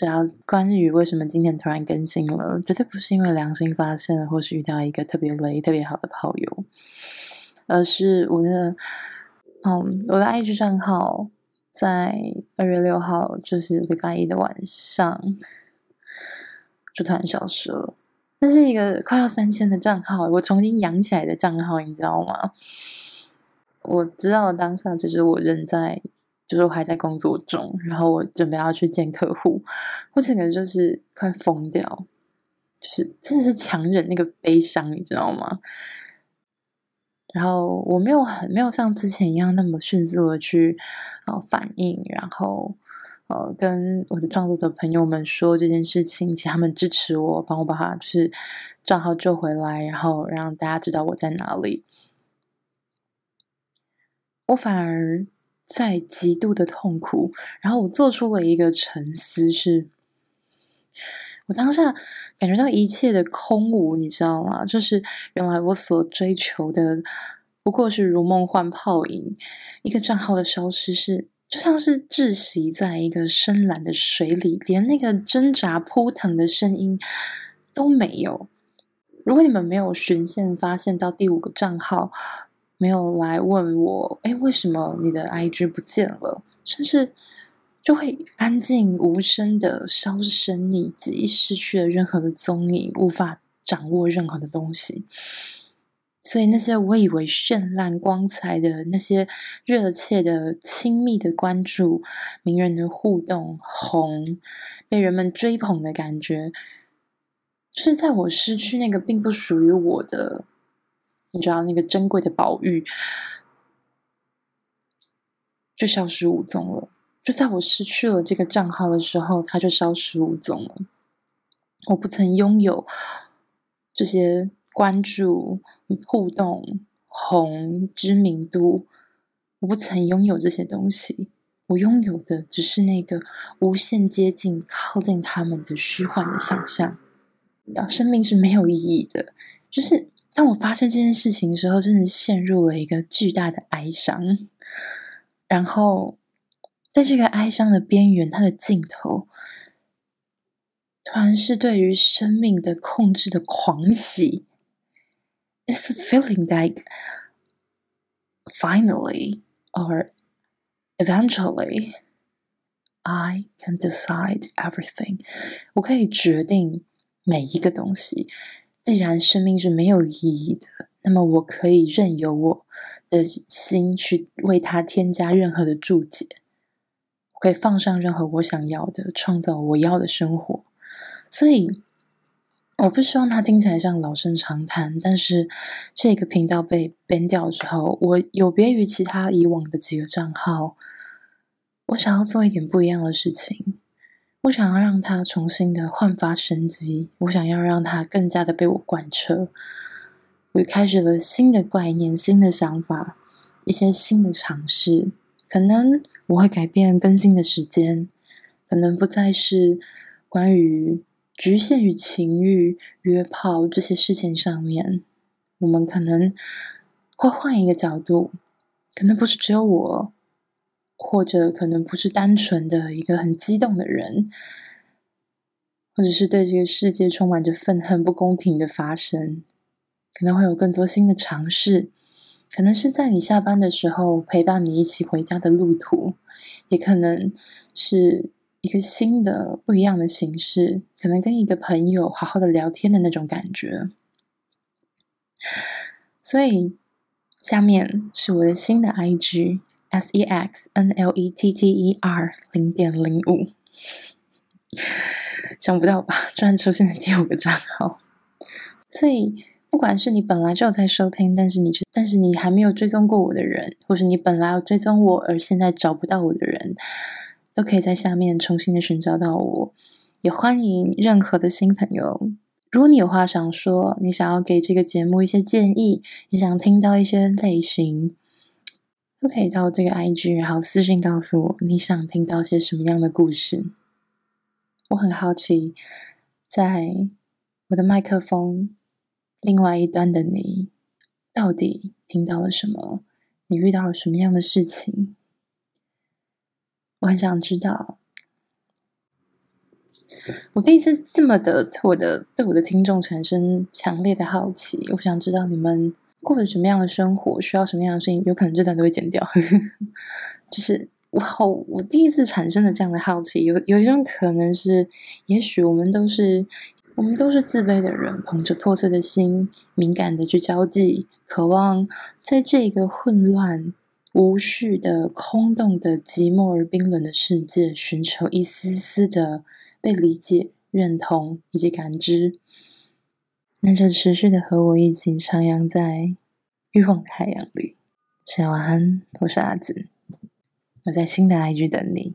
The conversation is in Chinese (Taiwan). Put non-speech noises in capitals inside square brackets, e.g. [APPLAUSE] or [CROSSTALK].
只要關於為什麼今天突然更新了，絕對不是因為良心發現，或是遇到一個特別雷、特別好的炮友，而是我的，嗯，我的 IG 賬號在二月六號，就是禮拜一的晚上，就突然消失了。那是一個快要三千的賬號，我重新養起來的賬號，你知道嗎？我知道當下其實我人在。就是我還在工作中，然後我準備要去見客戶，我可能就是快瘋掉，就是真的是強忍那個悲傷，你知道嗎？然後我沒有很沒有像之前一樣那麼迅速的去呃反應，然後呃跟我的創作者朋友們說這件事情，請他們支持我，幫我把他就是賬號救回來，然後讓大家知道我在哪裡，我反而。在極度的痛苦，然後我做出了一個沉思，是，是我當下感覺到一切的空無，你知道嗎？就是原來我所追求的不過是如夢幻泡影，一個賬號的消失是就像是窒息在一個深藍的水裡，連那個掙扎撲騰的聲音都沒有。如果你們沒有循線發現到第五個賬號。沒有來問我，誒，為什麼你的 IG 不見了？甚至就會安靜無聲的銷聲匿跡，失去了任何的蹤影，無法掌握任何的東西。所以那些我以為絢爛光彩的那些熱切的、親密的關注、名人的互動、紅被人們追捧的感覺，是在我失去那個並不屬於我的。你知道那個珍貴的寶玉就消失無蹤了。就在我失去了這個賬號的時候，它就消失無蹤了。我不曾擁有這些關注、互動、紅、知名度。我不曾擁有這些東西。我擁有的只是那個無限接近、靠近他們的虛幻的想象。生命是沒有意義的，就是。當我發現這件事情的時候，真的陷入了一個巨大的哀傷。然後，在這個哀傷的邊緣，它的盡頭，突然是對於生命的控制的狂喜。It's a feeling like finally or eventually I can decide everything。我可以決定每一個東西。既然生命是沒有意義的，那麼我可以任由我的心去為它添加任何的註解，我可以放上任何我想要的，創造我要的生活。所以，我不希望它聽起來像老生常談。但是，這個頻道被 ban 掉之後，我有別於其他以往的幾個賬號，我想要做一點不一樣的事情。我想要讓它重新的煥發生機，我想要讓它更加的被我貫徹。我開始了新的概念、新的想法、一些新的嘗試。可能我會改變更新的時間，可能不再是關於局限於情欲、約炮這些事情上面。我們可能會換一個角度，可能不是只有我。或者可能不是單純的一個很激動的人，或者是對這個世界充滿着憤恨、不公平的發生，可能會有更多新的嘗試。可能是在你下班的時候陪伴你一起回家的路途，也可能是一個新的、不一樣的形式。可能跟一個朋友好好的聊天的那種感覺。所以，下面是我的新的 IG。S, S E X N L E T T E R 零點零五，想不到吧？突然出現了第五個賬號。所以，不管是你本來就在收聽，但是你但是你還沒有追蹤過我的人，或是你本來要追蹤我，而現在找不到我的人，都可以在下面重新的尋找到我。也歡迎任何的新朋友。如果你有話想說，你想要給這個節目一些建議，你想聽到一些類型。都可以到這個 IG，然後私信告訴我你想聽到些什麼樣的故事。我很好奇，在我的麥克風另外一端的你，到底聽到了什麼？你遇到了什麼樣的事情？我很想知道。我第一次這麼的對我的對我的聽眾產生強烈的好奇。我想知道你們。過着什麼樣的生活，需要什麼樣的聲音，有可能這段都會剪掉。 [LAUGHS] 就是，哇，我第一次產生了這樣的好奇，有有一種可能是，也許我們都是，我們都是自卑的人，捧着破碎的心，敏感的去交際，渴望在這個混亂、無序的、空洞的、寂寞而冰冷的世界，尋求一絲絲的被理解、認同以及感知。那就持續地和我一起徜徉在欲望的海洋裡。大家晚安，我是阿梓，我在新的 IG 等你。